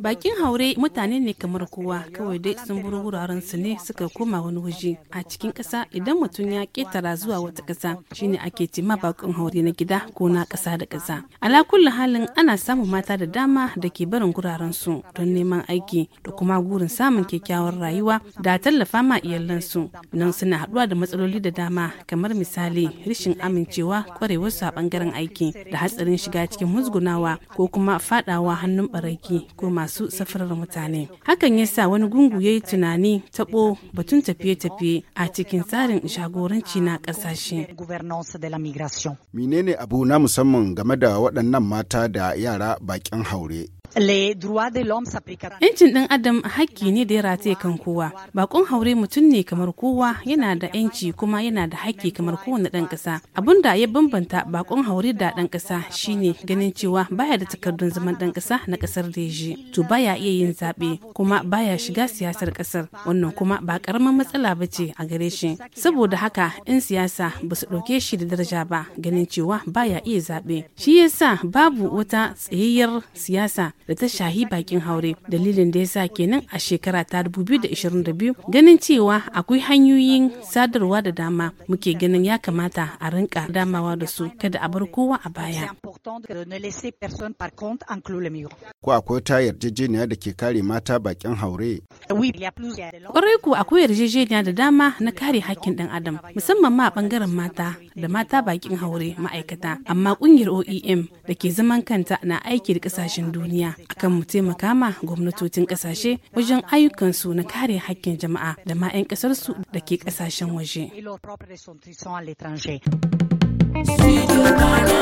Bakin haure mutane ne kamar kowa kawai dai sun buru wuraren su ne suka koma wani waje a cikin ƙasa idan mutum ya ketara zuwa wata ƙasa shine ake ce ma bakin haure na gida ko na ƙasa da ƙasa. Ala halin ana samun mata da dama da ke barin guraren su don neman aiki da kuma gurin samun kyakkyawar rayuwa da tallafa ma iyalan su nan suna haɗuwa da matsaloli da dama kamar misali rashin amincewa kwarewar su a bangaren aiki da hatsarin shiga cikin musgunawa ko kuma faɗa fadawa hannun baraki ko masu safarar mutane hakan ya sa wani gungu ya yi tunani taɓo batun tafiye-tafiye a cikin tsarin shagoranci na ƙasashe menene abu na musamman game da waɗannan mata da yara bakin haure Yancin ɗan adam haƙƙi ne da ya rataye kan kowa. Bakon haure mutum ne kamar kowa yana da yanci kuma yana da haƙƙi kamar kowane ɗan ƙasa. Abin da ya bambanta bakon haure da ɗan ƙasa shine ganin cewa baya da takardun zaman ɗan ƙasa na ƙasar da ya je To baya iya yin zaɓe kuma baya shiga siyasar ƙasar. Wannan kuma ba ƙaramin matsala ba ce a gare shi. Saboda haka 'yan siyasa ba su ɗauke shi da daraja ba ganin cewa baya iya zaɓe. Shi yasa babu wata tsayayyar siyasa da ta shahi bakin haure dalilin da ya sa kenan a shekara ta 2022 ganin cewa akwai hanyoyin sadarwa da dama muke ganin ya kamata a rinka damawa da su kada a bar kowa a baya ko akwai ta yarjejeniya da ke kare mata bakin haure kwarai ku akwai yarjejeniya da dama na kare hakkin dan adam musamman ma a bangaren mata da mata bakin haure ma'aikata amma kungiyar oem da ke zaman kanta na aiki da kasashen duniya duniya akan mu taimaka ma gwamnatocin kasashe wajen ayyukansu na kare hakkin jama'a da ma 'yan kasarsu da ke kasashen waje. Studio